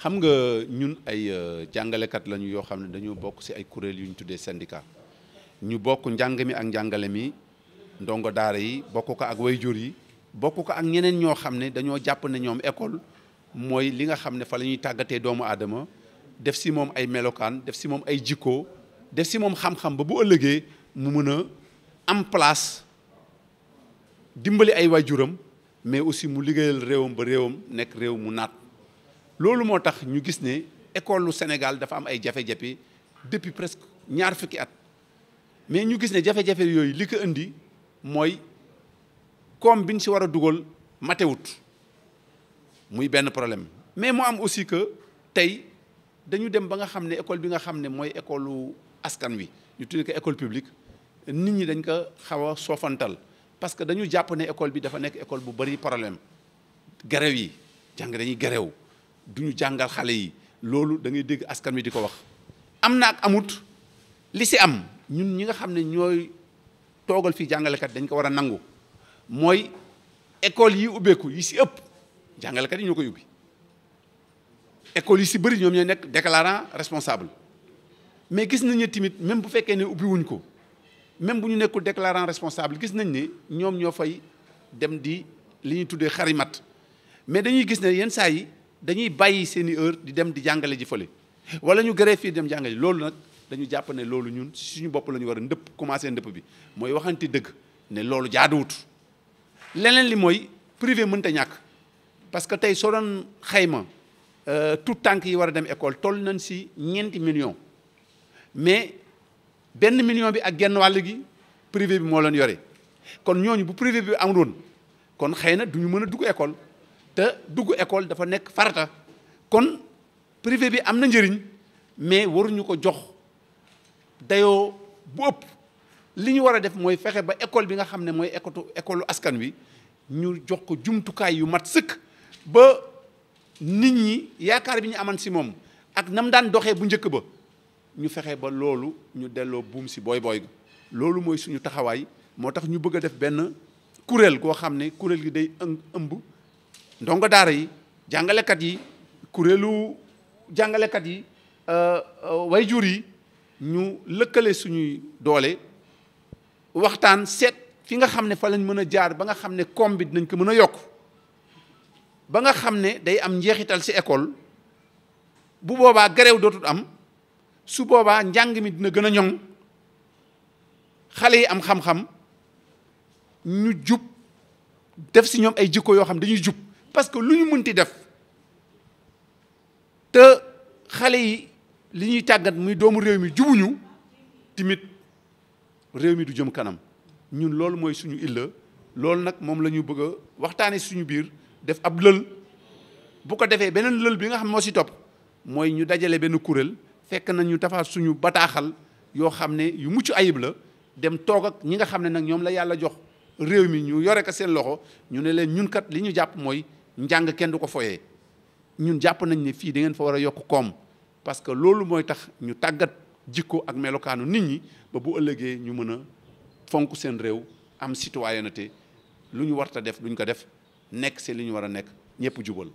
xam nga ñun ay euh, jàngalekat lañu yoo xam ne dañoo bokk ci ay kuréel yu ñu tuddee syndicat ñu bokk njàng mi ak njàngale mi ndongo daara yi bokk ko ak jur yi bokk ko ak ñeneen ñoo xam ne dañoo jàpp ne ñoom école mooy li nga xam ne fa la ñuy tàggatee doomu aadama def si moom ay melokaan def si moom ay jikko def si moom xam-xam ba bu ëllëgee mu mën a am place dimbali ay waajuram mais aussi mu liggéeyal réewam ba réewam nekk réew mu naat loolu moo tax ñu gis ne école lu Sénégal dafa am ay jafe-jafe depuis presque ñaar fukki at mais ñu gis ne jafe-jafe yooyu li ko indi mooy koom bi ñu si war a dugal matewut muy benn problème mais mu am aussi que tey dañu dem ba nga xam ne école bi nga xam ne mooy école askan wi ñu tuddee ko école publique nit ñi dañ ko xaw a soofantal parce que dañu jàpp ne école bi dafa nekk école bu bëri problème gerew yi jàng dañuy du ñu jàngal xale yi loolu da ngay dégg askan wi di ko wax am na ak amut li si am ñun ñi nga xam ne ñooy toogal fii jàngalekat dañ ko war a nangu mooy école yi ubbeeku yi si ëpp jàngalekat yi ñoo koy ubbi école yi si bëri ñoom ñooy nekk déclarant responsable mais gis nañu tamit même bu fekkee ne ubbi ko même bu ñu nekkul déclarant responsable gis nañ ni ñoom ñoo fay dem di li ñuy tuddee xarimat mais dañuy gis ne yenn saa yi dañuy bàyyi seen i heure di dem di jàngale ji fële wala ñu gëree fii dem jàngale ji loolu nag dañu jàpp ne loolu ñun suñu bopp la ñu war a ndëpp commencé ndëpp bi mooy waxante dëgg ne loolu jaaduwut leneen li mooy privé mënta ñàkk parce que tey soo doon xayma euh, tout tànk yi war a dem école toll nañ si ñeenti million mais benn million bi ak genn wàll gi privé bi moo leen yore kon ñooñu bu privé bi amul woon kon xëy na du ñu mën a dugg école te dugg école dafa nekk farata kon privé bi am na njëriñ mais waruñu ko jox dayoo bu ëpp li ñu war a def mooy fexe ba école bi nga xam ne mooy école école askan wi ñu jox ko jumtukaay yu mat sëkk ba nit ñi yaakaar bi ñu aman si moom ak nam daan doxee bu njëkk ba ñu fexe ba loolu ñu delloo buum si booy booy loolu mooy suñu taxawaay moo tax ñu bëgg a def benn kuréel goo xam ne kuréel gi day ëmb ndongo daara yi jàngalekat yi kuréelu jàngalekat yi euh, euh, way jur yi ñu lëkkale suñuy doole waxtaan seet fi nga xam ne fa lañ mën a jaar ba nga xam ne koom bi dinañ ko mën a yokk ba nga xam ne day am njeexital si école bu boobaa garew dootul am su boobaa njàng mi dina gën a ñoŋ xale yi am xam-xam ñu jub def si ñoom ay jikko yoo xam dañuy jub parce que lu ñu mënti def te xale yi li ñuy tàggat muy doomu réew mi jubuñu timit réew mi du jëm kanam ñun loolu mooy suñu illa loolu nag moom la ñu bëgg a waxtaane suñu biir def ab lël bu ko defee beneen lël bi nga xam moo si topp mooy ñu dajale benn kuréel fekk na ñu defaat suñu bataaxal yoo xam ne yu mucc ayib la dem toog ak ñi nga xam ne nag ñoom la yàlla jox réew mi ñu yore ko seen loxo ñu ne leen ñun kat li ñu jàpp mooy njàng kenn du ko foyee ñun jàpp nañ ni fii da ngeen fa war a yokk koom parce que loolu mooy tax ñu tàggat jikko ak melokaanu nit ñi ba bu ëllëgee ñu mën a fonk seen réew am citoyenneté lu ñu warta def duñ ko def nekk c'est li ñu war a nekk ñëpp jubal